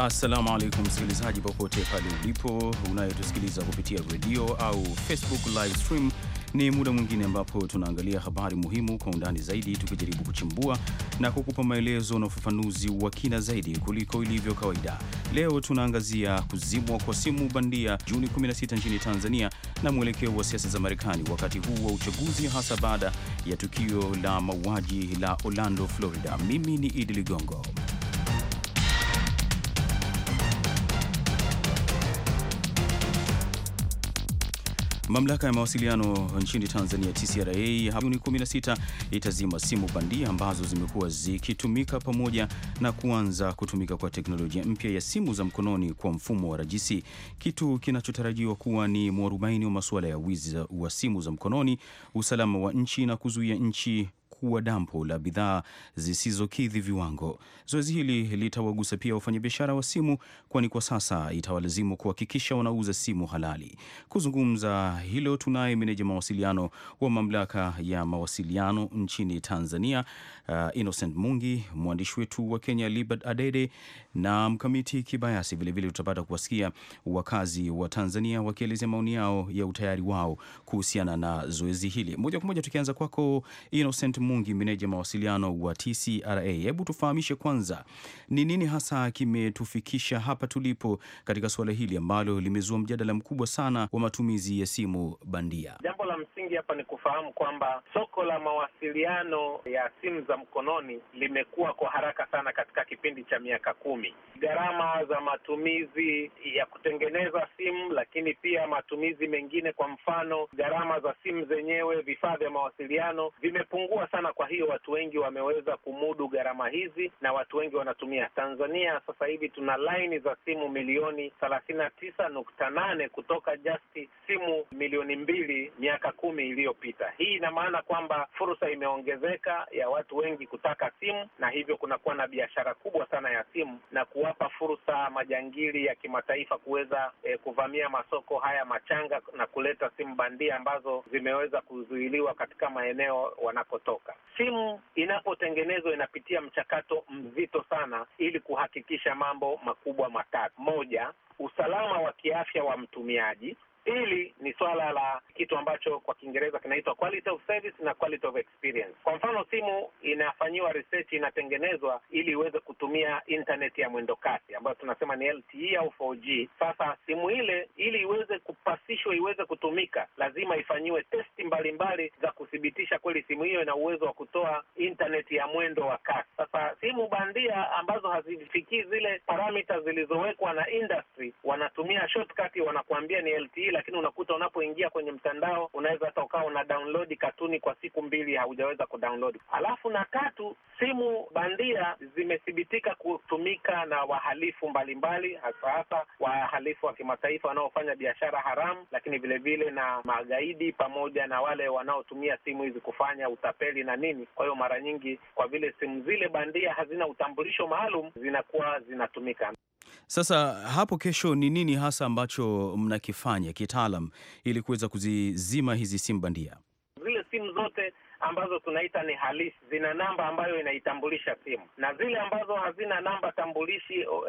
Assalamu alaikum msikilizaji, popote pale ulipo unayetusikiliza kupitia redio au Facebook live stream, ni muda mwingine ambapo tunaangalia habari muhimu kwa undani zaidi, tukijaribu kuchimbua na kukupa maelezo na ufafanuzi wa kina zaidi kuliko ilivyo kawaida. Leo tunaangazia kuzimwa kwa simu bandia Juni 16 nchini Tanzania na mwelekeo wa siasa za Marekani wakati huu wa uchaguzi, hasa baada ya tukio la mauaji la Orlando, Florida. Mimi ni Idi Ligongo. Mamlaka ya mawasiliano nchini Tanzania TCRA hapo Juni 16 itazima simu bandia ambazo zimekuwa zikitumika pamoja na kuanza kutumika kwa teknolojia mpya ya simu za mkononi kwa mfumo wa rajisi, kitu kinachotarajiwa kuwa ni mwarubaini wa masuala ya wizi wa simu za mkononi, usalama wa nchi na kuzuia nchi kuwa dampo la bidhaa zisizokidhi viwango. Zoezi hili litawagusa pia wafanyabiashara wa simu, kwani kwa sasa itawalazimu kuhakikisha wanauza simu halali. Kuzungumza hilo, tunaye meneja mawasiliano wa mamlaka ya mawasiliano nchini Tanzania, uh, Innocent Mungi, mwandishi wetu wa Kenya Libert Adede na mkamiti Kibayasi. Vilevile tutapata kuwasikia wakazi wa Tanzania wakielezea maoni yao ya utayari wao kuhusiana na zoezi hili. Moja kwa moja tukianza kwako Innocent Mungi, meneja mawasiliano wa TCRA, hebu tufahamishe kwanza ni nini hasa kimetufikisha hapa tulipo katika suala hili ambalo limezua mjadala mkubwa sana wa matumizi ya simu bandia. Jambo la msingi hapa ni kufahamu kwamba soko la mawasiliano ya simu za mkononi limekuwa kwa haraka sana katika kipindi cha miaka kumi uchumi, gharama za matumizi ya kutengeneza simu, lakini pia matumizi mengine, kwa mfano gharama za simu zenyewe, vifaa vya mawasiliano vimepungua sana. Kwa hiyo watu wengi wameweza kumudu gharama hizi na watu wengi wanatumia. Tanzania sasa hivi tuna laini za simu milioni thelathini na tisa nukta nane kutoka jasti simu milioni mbili miaka kumi iliyopita. Hii ina maana kwamba fursa imeongezeka ya watu wengi kutaka simu na hivyo kunakuwa na biashara kubwa sana ya simu na kuwapa fursa majangili ya kimataifa kuweza eh, kuvamia masoko haya machanga na kuleta simu bandia ambazo zimeweza kuzuiliwa katika maeneo wanakotoka. Simu inapotengenezwa inapitia mchakato mzito sana ili kuhakikisha mambo makubwa matatu: moja, usalama wa kiafya wa mtumiaji; Hili ni swala la kitu ambacho kwa Kiingereza kinaitwa quality of service na quality of experience. Kwa mfano, simu inafanyiwa research, inatengenezwa ili iweze kutumia internet ya mwendo kasi ambayo tunasema ni LTE au 4G. Sasa simu ile ili iweze kupasishwa, iweze kutumika, lazima ifanyiwe testi mbalimbali za kuthibitisha kweli simu hiyo ina uwezo wa kutoa internet ya mwendo wa kasi. Sasa simu bandia ambazo hazifikii zile parameters zilizowekwa na industry, wanatumia shortcut, wanakuambia ni LTE lakini unakuta unapoingia kwenye mtandao unaweza hata ukawa una download katuni kwa siku mbili haujaweza kudownload. Alafu na tatu, simu bandia zimethibitika kutumika na wahalifu mbalimbali, hasa hasa wahalifu wa kimataifa wanaofanya biashara haramu, lakini vilevile vile na magaidi pamoja na wale wanaotumia simu hizi kufanya utapeli na nini. Kwa hiyo mara nyingi, kwa vile simu zile bandia hazina utambulisho maalum, zinakuwa zinatumika. Sasa hapo kesho ni nini hasa ambacho mnakifanya kitaalam ili kuweza kuzizima hizi simu bandia? simu zote ambazo tunaita ni halisi zina namba ambayo inaitambulisha simu, na zile ambazo hazina namba tambulishi uh, uh,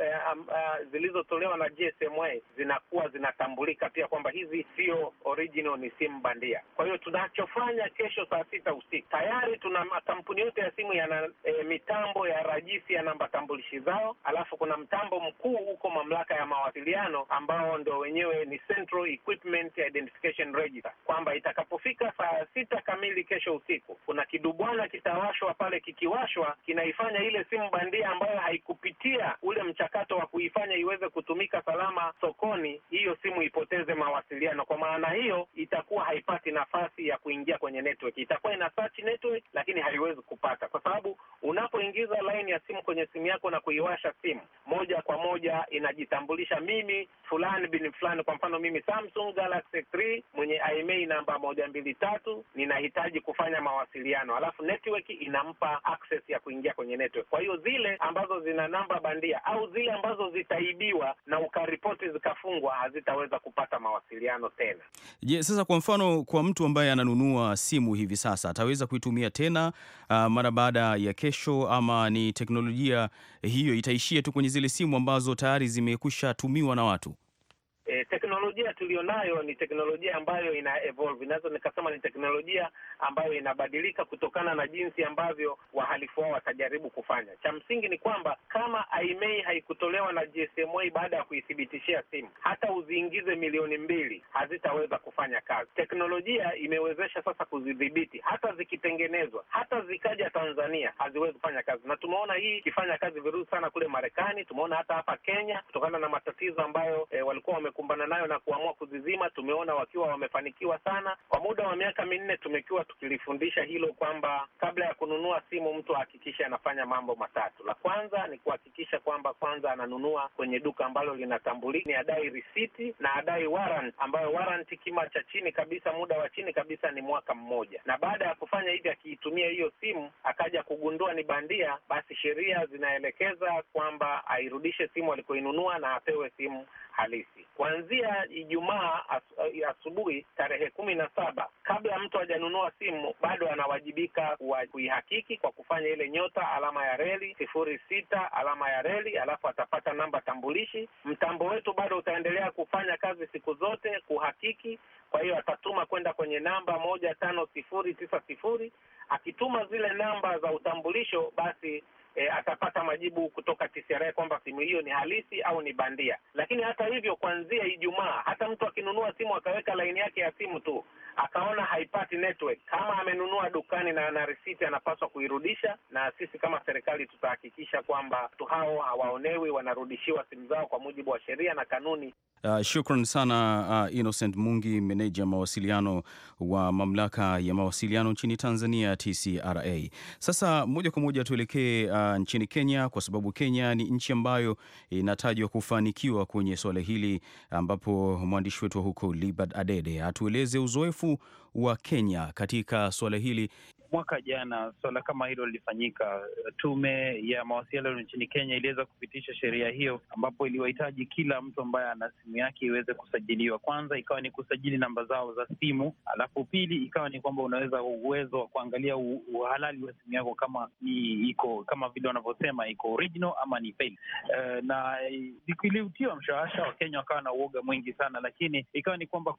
uh, zilizotolewa na GSMA zinakuwa zinatambulika pia kwamba hizi sio original, ni simu bandia. Kwa hiyo tunachofanya kesho saa sita usiku tayari tuna makampuni yote ya simu yana e, mitambo ya rajisi ya namba tambulishi zao, alafu kuna mtambo mkuu huko mamlaka ya mawasiliano ambao ndo wenyewe ni Central Equipment Identification Register, kwamba itakapofika saa sita kamili kesho usiku. Kuna kidubwana kitawashwa pale, kikiwashwa kinaifanya ile simu bandia ambayo haikupitia ule mchakato wa kuifanya iweze kutumika salama sokoni, hiyo simu ipoteze mawasiliano. Kwa maana hiyo, itakuwa haipati nafasi ya kuingia kwenye network, itakuwa ina search network, lakini haiwezi kupata, kwa sababu unapoingiza line ya simu kwenye simu yako na kuiwasha simu moja kwa moja inajitambulisha, mimi fulani bin fulani. Kwa mfano mimi Samsung Galaxy 3 mwenye IMEI namba moja mbili tatu nina anahitaji kufanya mawasiliano, alafu network inampa access ya kuingia kwenye network. Kwa hiyo zile ambazo zina namba bandia au zile ambazo zitaibiwa na ukaripoti zikafungwa, hazitaweza kupata mawasiliano tena. Je, yes, sasa kwa mfano kwa mtu ambaye ananunua simu hivi sasa ataweza kuitumia tena uh, mara baada ya kesho, ama ni teknolojia hiyo itaishia tu kwenye zile simu ambazo tayari zimekwisha tumiwa na watu? teknolojia tuliyonayo ni teknolojia ambayo ina evolve, naweza nikasema ni teknolojia ambayo inabadilika kutokana na jinsi ambavyo wahalifu wao watajaribu kufanya. Cha msingi ni kwamba kama aimei e haikutolewa na GSMA baada ya kuithibitishia simu, hata uziingize milioni mbili hazitaweza kufanya kazi. Teknolojia imewezesha sasa kuzidhibiti, hata zikitengenezwa, hata zikaja Tanzania haziwezi kufanya kazi, na tumeona hii ikifanya kazi vizuri sana kule Marekani, tumeona hata hapa Kenya kutokana na matatizo ambayo e, walikuwa wamekumbana kutokana nayo na kuamua kuzizima. Tumeona wakiwa wamefanikiwa sana. Kwa muda wa miaka minne tumekiwa tukilifundisha hilo kwamba kabla ya kununua simu mtu ahakikishe anafanya mambo matatu. La kwanza ni kuhakikisha kwamba kwanza ananunua kwenye duka ambalo linatambulika, ni adai risiti na adai warrant, ambayo warrant kima cha chini kabisa, muda wa chini kabisa ni mwaka mmoja. Na baada ya kufanya hivi, akiitumia hiyo simu akaja kugundua ni bandia, basi sheria zinaelekeza kwamba airudishe simu alikoinunua na apewe simu halisi kuanzia Ijumaa eh, asubuhi tarehe kumi na saba, kabla mtu hajanunua simu bado anawajibika kuihakiki kwa kufanya ile nyota alama ya reli sifuri sita alama ya reli, alafu atapata namba tambulishi. Mtambo wetu bado utaendelea kufanya kazi siku zote kuhakiki. Kwa hiyo atatuma kwenda kwenye namba moja tano sifuri tisa sifuri. Akituma zile namba za utambulisho basi e, atapata majibu kutoka TCRA kwamba simu hiyo ni halisi au ni bandia. Lakini hata hivyo, kuanzia Ijumaa, hata mtu akinunua simu akaweka laini yake ya simu tu akaona haipati network, kama amenunua dukani na ana risiti, anapaswa kuirudisha, na sisi kama serikali tutahakikisha kwamba watu hao hawaonewi, wanarudishiwa simu zao kwa mujibu wa sheria na kanuni. Uh, shukran sana uh, Innocent Mungi, meneja mawasiliano wa mamlaka ya mawasiliano nchini Tanzania TCRA. Sasa moja kwa moja tuelekee uh, uh, nchini Kenya kwa sababu Kenya ni nchi ambayo inatajwa kufanikiwa kwenye suala hili, ambapo mwandishi wetu wa huko Libert Adede atueleze uzoefu wa Kenya katika suala hili mwaka jana suala kama hilo lilifanyika. Tume ya mawasiliano nchini Kenya iliweza kupitisha sheria hiyo, ambapo iliwahitaji kila mtu ambaye ana simu yake iweze kusajiliwa. Kwanza ikawa ni kusajili namba zao za simu, alafu pili ikawa ni kwamba unaweza uwezo wa kuangalia uhalali wa simu yako kama iko kama vile wanavyosema iko original ama ni Uh, na iliutiwa mshawasha, Wakenya wakawa na uoga mwingi sana, lakini ikawa ni kwamba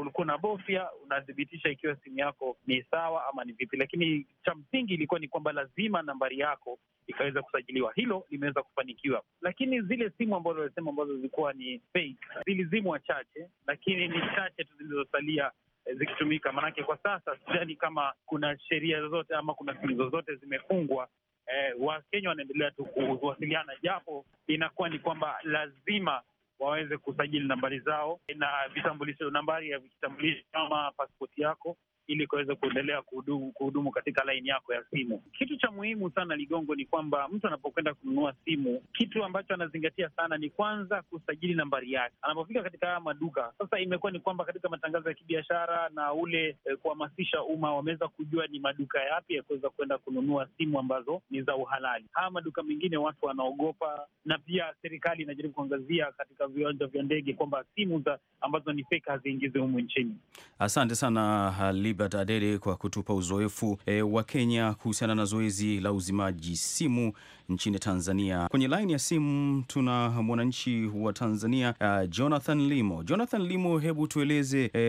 ulikuwa na bofya unathibitisha ikiwa simu yako ni sawa ama ni vipi lakini cha msingi ilikuwa ni kwamba lazima nambari yako ikaweza kusajiliwa. Hilo limeweza kufanikiwa, lakini zile simu ambazo walisema ambazo zilikuwa ni fake zilizimwa chache, lakini ni chache tu zilizosalia eh, zikitumika. Maanake kwa sasa sidhani kama kuna sheria zozote ama kuna simu zozote zimefungwa. Eh, Wakenya wanaendelea tu kuwasiliana, japo inakuwa ni kwamba lazima waweze kusajili nambari zao na vitambulisho, nambari ya vitambulisho ama pasipoti yako ili kuweza kuendelea kuhudumu, kuhudumu katika laini yako ya simu. Kitu cha muhimu sana Ligongo ni kwamba mtu anapokwenda kununua simu, kitu ambacho anazingatia sana ni kwanza kusajili nambari yake anapofika katika haya maduka. Sasa imekuwa ni kwamba katika matangazo ya kibiashara na ule eh, kuhamasisha umma, wameweza kujua ni maduka yapi ya kuweza kwenda kununua simu ambazo ni za uhalali. Haya maduka mengine watu wanaogopa, na pia serikali inajaribu kuangazia katika viwanja vya ndege kwamba simu za ambazo ni fake haziingizi humu nchini. Asante sana Halib Adede kwa kutupa uzoefu e, wa Kenya kuhusiana na zoezi la uzimaji simu nchini Tanzania. Kwenye laini ya simu tuna mwananchi wa Tanzania uh, Jonathan Limo. Jonathan Limo, hebu tueleze e,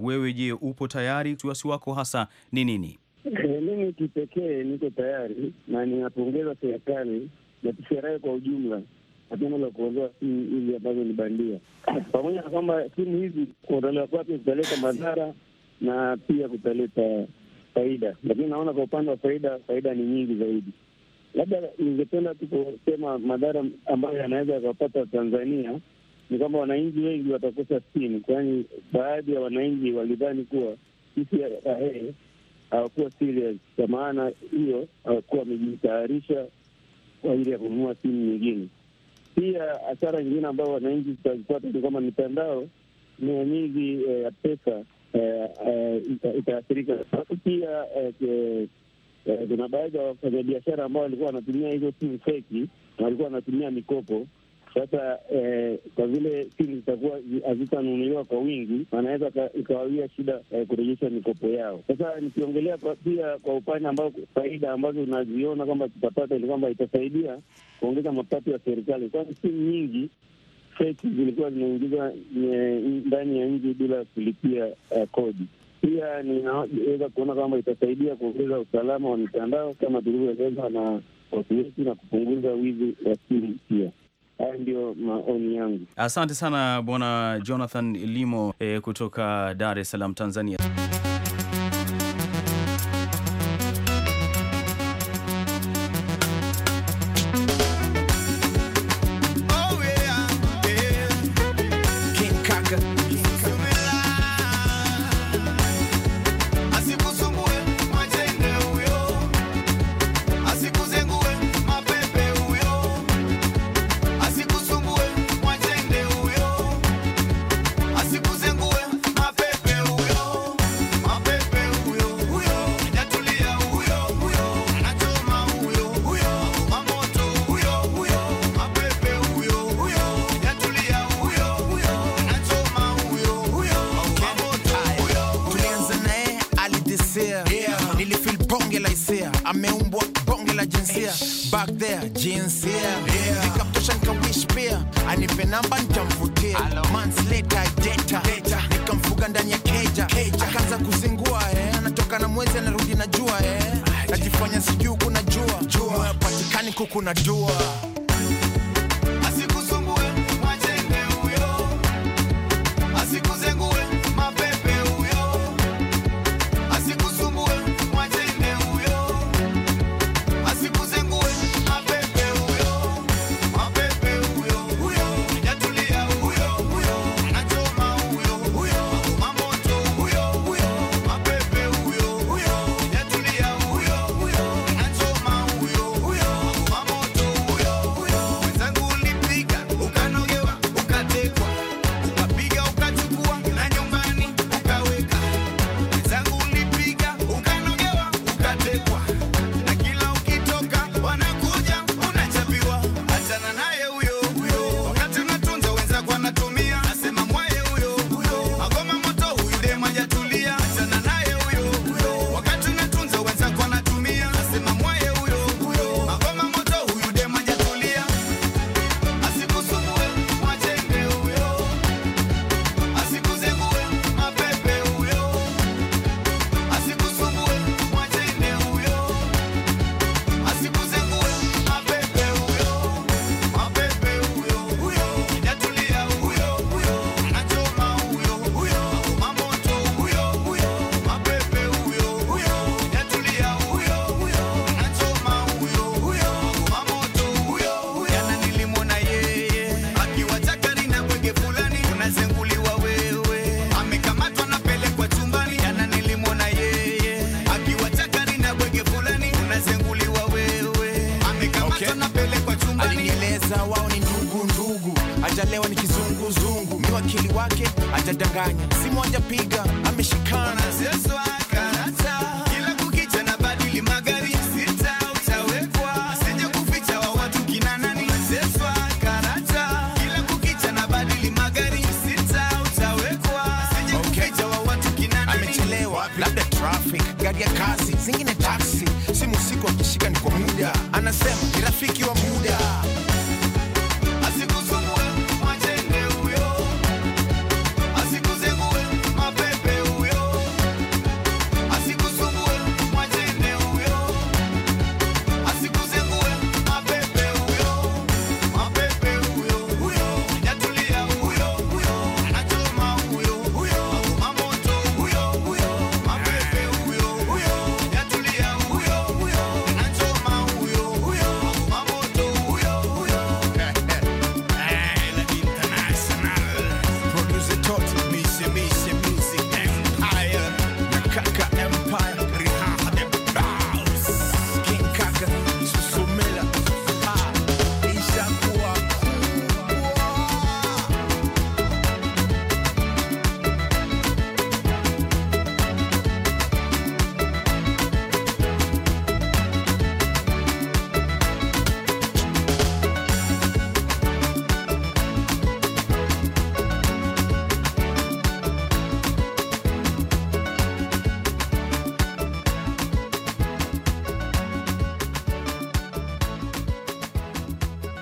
wewe, je, upo tayari? Wasiwasi wako hasa ni nini? Eh, mimi kipekee niko tayari na ninapongeza serikali na TCRA kwa ujumla jambo la kuondoa simu hizi ambazo ni bandia, pamoja na kwamba simu hizi kuondolewa kwake zitaleta madhara na pia kutaleta faida, lakini naona kwa upande wa faida, faida ni nyingi zaidi. Labda ningependa tu kusema madhara ambayo yanaweza yakapata Tanzania ni kwamba wananchi wengi watakosa simu, kwani baadhi ya wananchi walidhani kuwa TCRA eh, hawakuwa serious, kwa maana hiyo hawakuwa wamejitayarisha kwa ajili ya kununua simu nyingine. Pia hasara nyingine ambayo wananchi tutazipata ni kwamba mitandao mia nyingi eh, ya pesa Eh, eh, itaathirika. Alafu pia eh, kuna baadhi ya wafanyabiashara ambao walikuwa wanatumia hizo simu feki na walikuwa wanatumia mikopo. Sasa kwa vile simu zitakuwa hazitanunuliwa kwa wingi, wanaweza ikawawia shida kurejesha mikopo yao. Sasa nikiongelea pia kwa upande ambao faida ambazo unaziona kwamba tutapata ni kwamba itasaidia kuongeza mapato ya serikali, kwani simu nyingi feti zilikuwa zinaingizwa ndani ya nchi bila kulipia uh, kodi. Pia ninaweza kuona kwamba itasaidia kuongeza usalama wa mitandao kama tulivyoeleza na watu wetu na kupunguza wizi wa simu pia. Haya ndiyo maoni yangu. Asante sana Bwana Jonathan Limo eh, kutoka Dar es Salaam, Tanzania. hisia yeah. nilifil bonge la hisia ameumbwa bonge la jinsia Eish. back there jinsia nikamtosha nikawish pia anipe namba nitamvutia months later data, data. nikamfuga ndani ya keja, akaanza kuzingua eh. anatoka na mwezi anarudi na jua eh. najifanya sijuu kuna jua, jua. patikani kuku na dua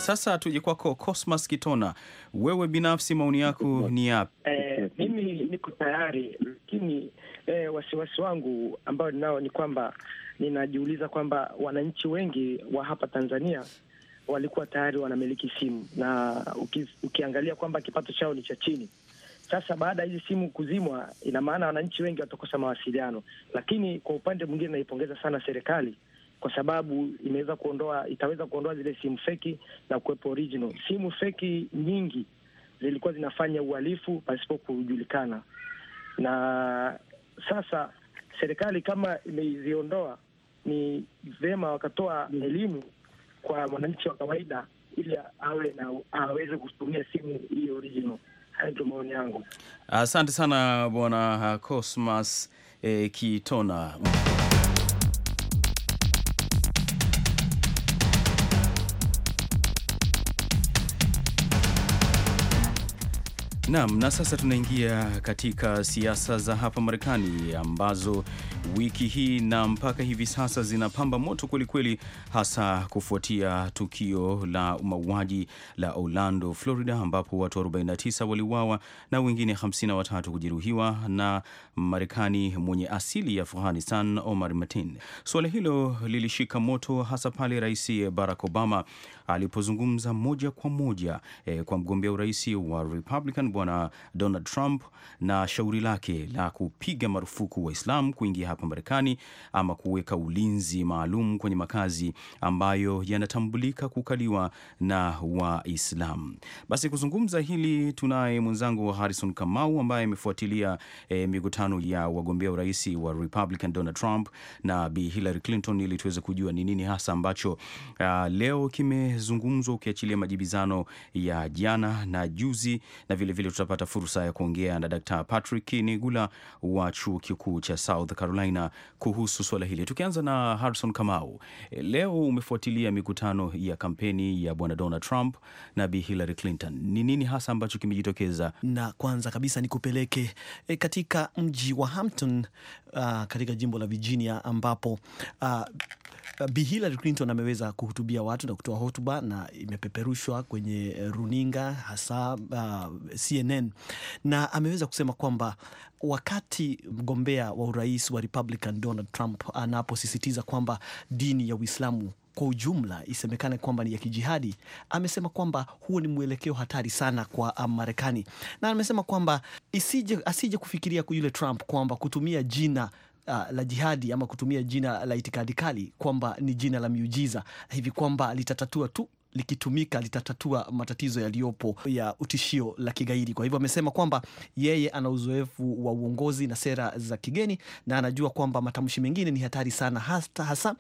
Sasa tuje kwako Cosmas Kitona, wewe binafsi maoni yako ni yapi? Eh, mimi niko tayari, lakini eh, wasiwasi wangu ambao ninao ni kwamba ninajiuliza kwamba wananchi wengi wa hapa Tanzania walikuwa tayari wanamiliki simu na uki, ukiangalia kwamba kipato chao ni cha chini. Sasa baada ya hizi simu kuzimwa, ina maana wananchi wengi watakosa mawasiliano, lakini kwa upande mwingine naipongeza sana serikali kwa sababu imeweza kuondoa, itaweza kuondoa zile simu feki na kuwepo original. Simu feki nyingi zilikuwa zinafanya uhalifu pasipo kujulikana, na sasa serikali kama imeziondoa, ni vema wakatoa elimu kwa mwananchi wa kawaida ili awe na aweze kutumia simu hii original. Hayo ndio maoni yangu. Asante sana Bwana Cosmas eh, Kitona. Naam, na sasa tunaingia katika siasa za hapa Marekani ambazo wiki hii na mpaka hivi sasa zinapamba moto kwelikweli, hasa kufuatia tukio la mauaji la Orlando, Florida, ambapo watu 49 waliuawa na wengine 53 kujeruhiwa na Marekani mwenye asili ya Afghanistan, Omar Martin. Suala hilo lilishika moto hasa pale Rais Barack Obama alipozungumza moja kwa moja eh, kwa mgombea urais wa Republican Bwana Donald Trump na shauri lake la kupiga marufuku islam kuingia hapa Marekani ama kuweka ulinzi maalum kwenye makazi ambayo yanatambulika kukaliwa na Waislamu. Basi kuzungumza hili tunaye mwenzangu Harrison Kamau ambaye amefuatilia eh, mikutano ya wagombea urais wa Republican Donald Trump na Bi Hillary Clinton ili tuweze kujua ni nini hasa ambacho uh, leo kimezungumzwa ukiachilia majibizano ya jana na juzi, na vilevile vile tutapata fursa ya kuongea na Dr. Patrick Nigula wa chuo kikuu cha South Carolina China kuhusu suala hili. Tukianza na Harrison Kamau, leo umefuatilia mikutano ya kampeni ya bwana Donald Trump na Bi Hillary Clinton, ni nini hasa ambacho kimejitokeza? Na kwanza kabisa nikupeleke e, katika mji wa Hampton, uh, katika jimbo la Virginia ambapo uh, Uh, Bi Hillary Clinton ameweza kuhutubia watu na kutoa hotuba na imepeperushwa kwenye eh, runinga hasa uh, CNN na ameweza kusema kwamba wakati mgombea wa urais wa Republican Donald Trump anaposisitiza kwamba dini ya Uislamu kwa ujumla isemekane kwamba ni ya kijihadi, amesema kwamba huo ni mwelekeo hatari sana kwa uh, Marekani, na amesema kwamba isije asije kufikiria yule Trump kwamba kutumia jina uh, la jihadi ama kutumia jina la itikadi kali kwamba ni jina la miujiza hivi kwamba litatatua tu likitumika litatatua matatizo yaliyopo ya utishio la kigaidi. Kwa hivyo amesema kwamba yeye ana uzoefu wa uongozi na sera za kigeni na anajua kwamba matamshi mengine ni hatari sana, hasa hasa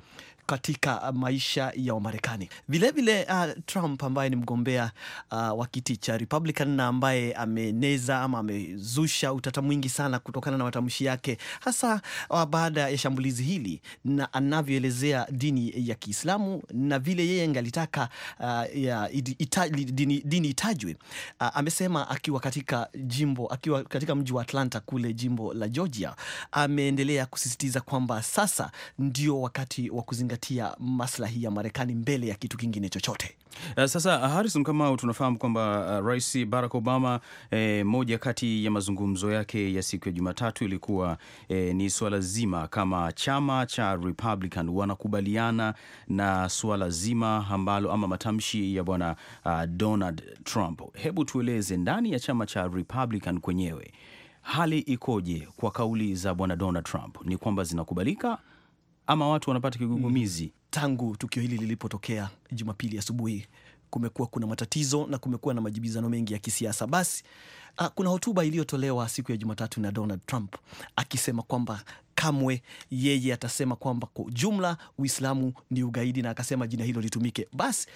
katika uh, maisha ya Wamarekani. Vilevile uh, Trump ambaye ni mgombea uh, wa kiti cha Republican na ambaye ameneza ama amezusha utata mwingi sana kutokana na matamshi yake, hasa uh, baada ya shambulizi hili na anavyoelezea dini ya Kiislamu na vile yeye angalitaka uh, ya, ita, dini, dini itajwe uh, amesema akiwa katika jimbo akiwa katika mji wa Atlanta kule jimbo la Georgia, ameendelea kusisitiza kwamba sasa ndio wakati wa kuzingatia kuzingatia maslahi ya Marekani mbele ya kitu kingine chochote. Eh, sasa uh, Harrison, kama tunafahamu kwamba uh, Rais Barack Obama eh, moja kati ya mazungumzo yake ya siku ya Jumatatu ilikuwa eh, ni swala zima kama chama cha Republican wanakubaliana na swala zima ambalo ama matamshi ya bwana uh, Donald Trump. Hebu tueleze ndani ya chama cha Republican kwenyewe hali ikoje kwa kauli za bwana Donald Trump? Ni kwamba zinakubalika ama watu wanapata kigugumizi mm. Tangu tukio hili lilipotokea Jumapili asubuhi kumekuwa kuna matatizo na kumekuwa na majibizano mengi ya kisiasa. Basi a, ah, kuna hotuba iliyotolewa siku ya Jumatatu na Donald Trump akisema kwamba kamwe yeye atasema kwamba kwa ujumla Uislamu ni ugaidi, na akasema jina hilo litumike. Basi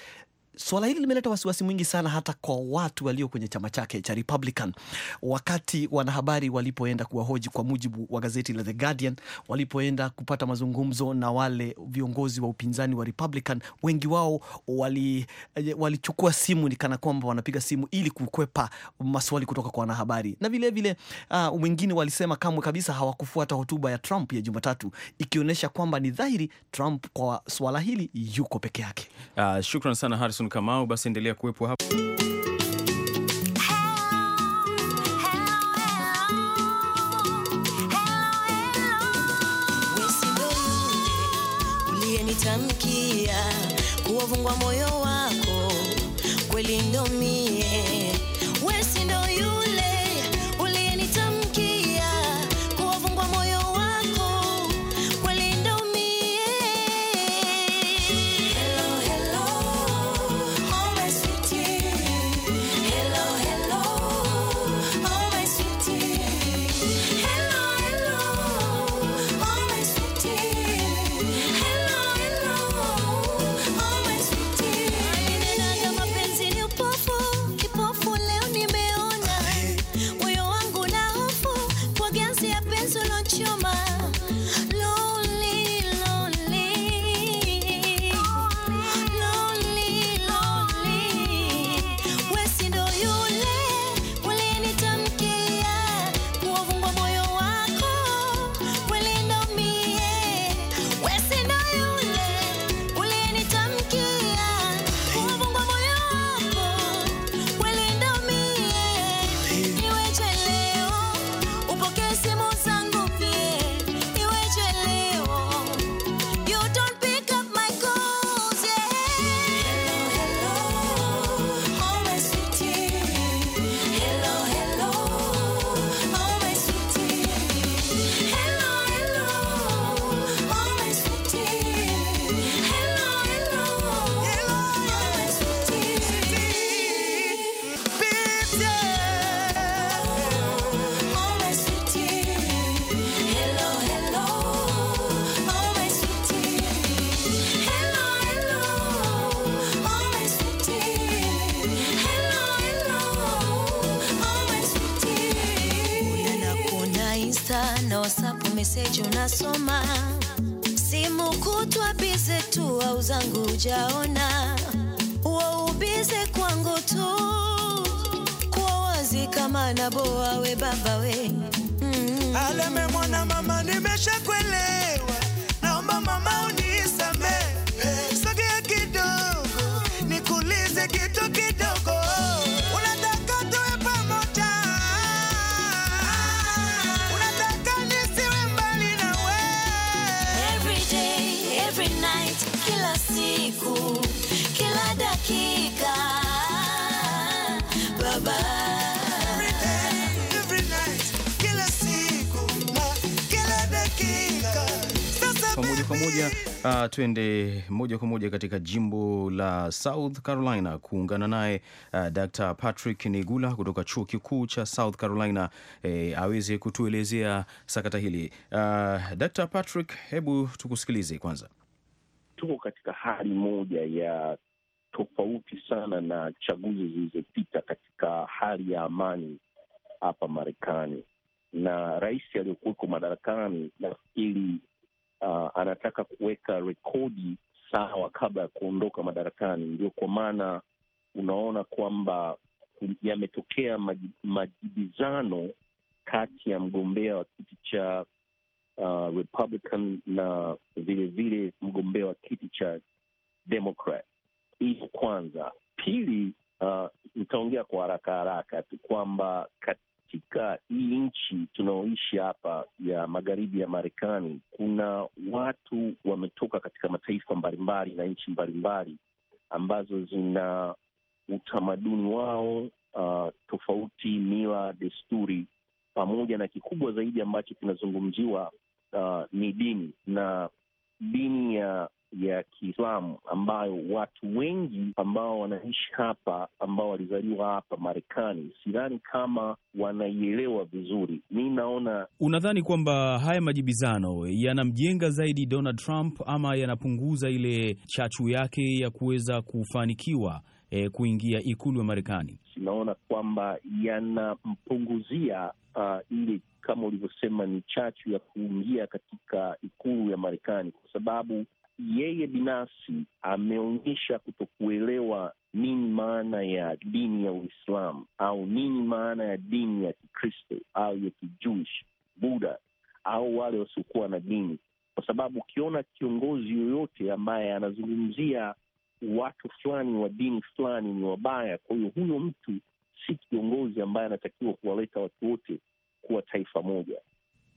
swala hili limeleta wasiwasi mwingi sana hata kwa watu walio kwenye chama chake cha Republican. Wakati wanahabari walipoenda kuwahoji, kwa mujibu wa gazeti la The Guardian, walipoenda kupata mazungumzo na wale viongozi wa upinzani wa Republican, wengi wao eh, walichukua wali simu ni kana kwamba wanapiga simu ili kukwepa maswali kutoka kwa wanahabari, na vilevile ah, wengine uh, walisema kamwe kabisa hawakufuata hotuba ya Trump ya Jumatatu, ikionyesha kwamba ni dhahiri Trump kwa swala hili yuko peke yake. Uh, shukran sana Harrison. Harrison Kamau, basi endelea kuwepo hapo. Uliyenitamkia kuwavungwa moyo wako kweli ndomi sijaona, waubize kwangu tu, kwa wazi kama naboa we baba we mm. mwana mama, nimeshakuelewa moja uh, tuende moja kwa moja katika jimbo la South Carolina kuungana naye uh, Dr. Patrick Nigula kutoka chuo kikuu cha South Carolina eh, aweze kutuelezea sakata hili. Uh, Dr. Patrick, hebu tukusikilize kwanza. Tuko katika hali moja ya tofauti sana na chaguzi zilizopita katika hali ya amani hapa Marekani na rais aliyokuweko madarakani nafikiri uh, anataka kuweka rekodi sawa kabla ya kuondoka madarakani. Ndio kwa maana unaona kwamba yametokea majibizano kati ya mgombea wa kiti cha uh, Republican na vilevile mgombea wa kiti cha Democrat. Hiyo kwanza. Pili, uh, nitaongea uh, kwa haraka haraka tu kwamba katika hii nchi tunaoishi hapa ya magharibi ya Marekani, kuna watu wametoka katika mataifa mbalimbali na nchi mbalimbali ambazo zina utamaduni wao uh, tofauti, mila, desturi, pamoja na kikubwa zaidi ambacho kinazungumziwa uh, ni dini na dini ya ya Kiislamu ambayo watu wengi ambao wanaishi hapa ambao walizaliwa hapa Marekani sidhani kama wanaielewa vizuri. Mi naona, unadhani kwamba haya majibizano yanamjenga zaidi Donald Trump ama yanapunguza ile chachu yake ya kuweza kufanikiwa e, kuingia ikulu ya Marekani? Sinaona kwamba yanampunguzia uh, ile kama ulivyosema ni chachu ya kuingia katika ikulu ya Marekani kwa sababu yeye binafsi ameonyesha kutokuelewa nini maana ya dini ya Uislamu au nini maana ya dini ya Kikristo au ya Kijuish, Buda au wale wasiokuwa na dini, kwa sababu ukiona kiongozi yoyote ambaye anazungumzia watu fulani wa dini fulani ni wabaya, kwa hiyo huyo mtu si kiongozi ambaye anatakiwa kuwaleta watu wote kuwa taifa moja.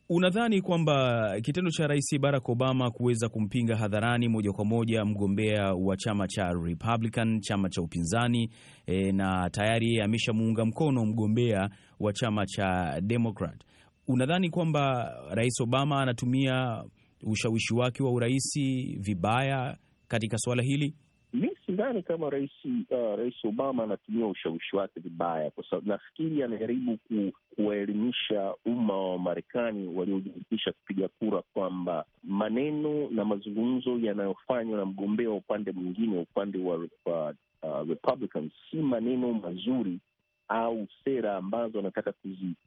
Unadhani kwamba kitendo cha Rais Barack Obama kuweza kumpinga hadharani moja kwa moja mgombea wa chama cha Republican, chama cha upinzani e, na tayari ameshamuunga mkono mgombea wa chama cha Democrat, unadhani kwamba Rais Obama anatumia ushawishi wake wa uraisi vibaya katika suala hili? sidhani kama rais uh, rais Obama anatumia ushawishi wake vibaya, kwa sababu nafikiri anajaribu kuwaelimisha umma wa Marekani waliojihusisha kupiga kura kwamba maneno na mazungumzo yanayofanywa na mgombea wa upande mwingine, upande wa uh, Republicans, si maneno mazuri au sera ambazo anataka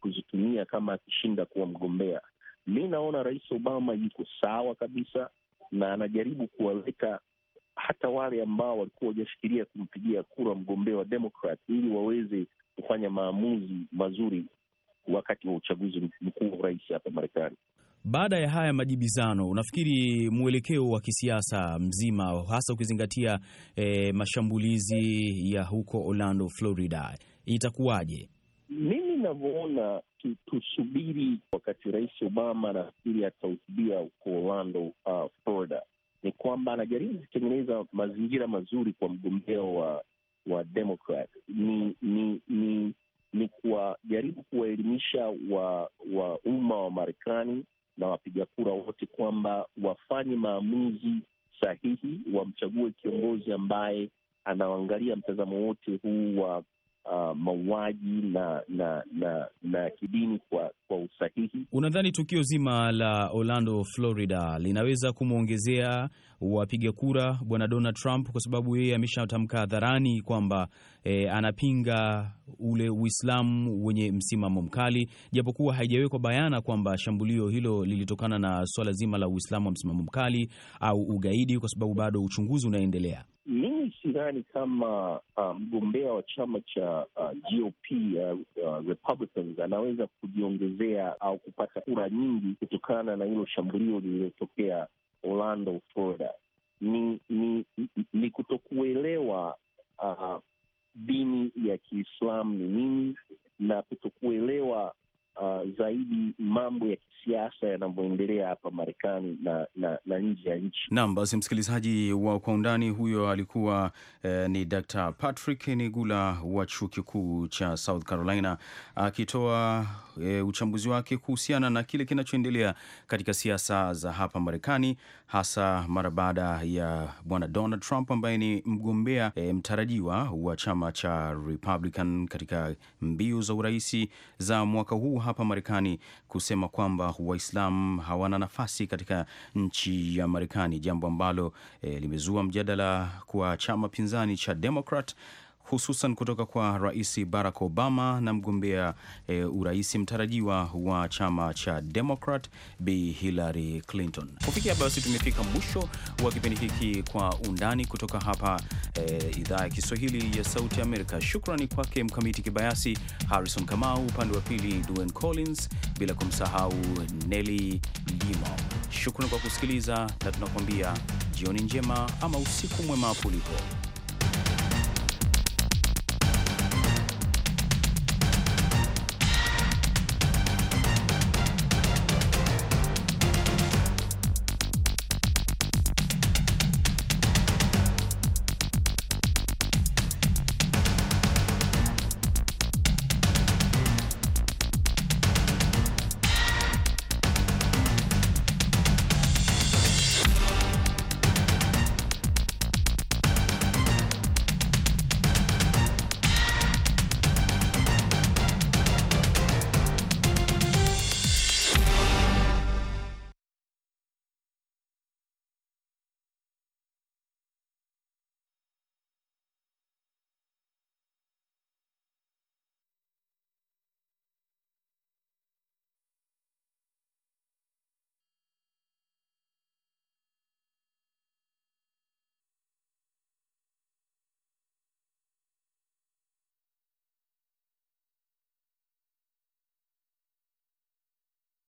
kuzitumia kama akishinda kuwa mgombea. Mi naona rais Obama yuko sawa kabisa na anajaribu kuwaweka hata wale ambao walikuwa wajashikilia kumpigia kura mgombea wa ili waweze kufanya maamuzi mazuri wakati wa uchaguzi mkuu wa urais hapa Marekani. Baada ya haya majibizano, unafikiri mwelekeo wa kisiasa mzima, hasa ukizingatia e, mashambulizi ya huko Orlando, Florida, itakuwaje? Mimi navyoona, tusubiri wakati Rais Obama, nafikiri atahutubia huko Orlando, uh, Florida ni kwamba anajaribu kutengeneza mazingira mazuri kwa mgombea wa wa Democrat. Ni ni ni ni kuwajaribu kuwaelimisha wa wa umma wa Marekani na wapiga kura wote kwamba wafanye maamuzi sahihi, wamchague kiongozi ambaye anaangalia mtazamo wote huu wa uh, mauaji na na na na kidini kwa, kwa usahihi. Unadhani tukio zima la Orlando, Florida linaweza kumwongezea wapiga kura bwana Donald Trump kwa sababu yeye ameshatamka hadharani kwamba e, anapinga ule Uislamu wenye msimamo mkali, japokuwa haijawekwa bayana kwamba shambulio hilo lilitokana na swala zima la Uislamu wa msimamo mkali au ugaidi, kwa sababu bado uchunguzi unaendelea sidhani kama uh, mgombea um, wa chama cha uh, GOP uh, uh, Republicans anaweza kujiongezea au kupata kura nyingi kutokana na hilo shambulio lililotokea Orlando, Florida. Ni ni, ni kutokuelewa uh, dini ya Kiislamu ni nini na kutokuelewa uh, zaidi mambo ya kisiasa yanavyoendelea hapa Marekani na, na, na nje ya nchi. Naam, basi msikilizaji wa Kwa Undani, huyo alikuwa eh, ni Dr. Patrick Nigula wa chuo kikuu cha South Carolina akitoa eh, uchambuzi wake kuhusiana na kile kinachoendelea katika siasa za hapa Marekani, hasa mara baada ya bwana Donald Trump ambaye ni mgombea e, mtarajiwa wa chama cha Republican katika mbio za uraisi za mwaka huu hapa Marekani kusema kwamba waislam hawana nafasi katika nchi ya Marekani, jambo ambalo eh, limezua mjadala kwa chama pinzani cha Democrat hususan kutoka kwa Rais Barack Obama na mgombea e, urais mtarajiwa wa chama cha Democrat Bi Hillary Clinton. Kufikia basi, tumefika mwisho wa kipindi hiki kwa undani kutoka hapa e, idhaa ya Kiswahili ya Sauti Amerika. Shukrani kwake Mkamiti Kibayasi, Harrison Kamau upande wa pili, Dwayne Collins, bila kumsahau Nelly Limo. Shukrani kwa kusikiliza na tunakuambia jioni njema ama usiku mwema hapo ulipo.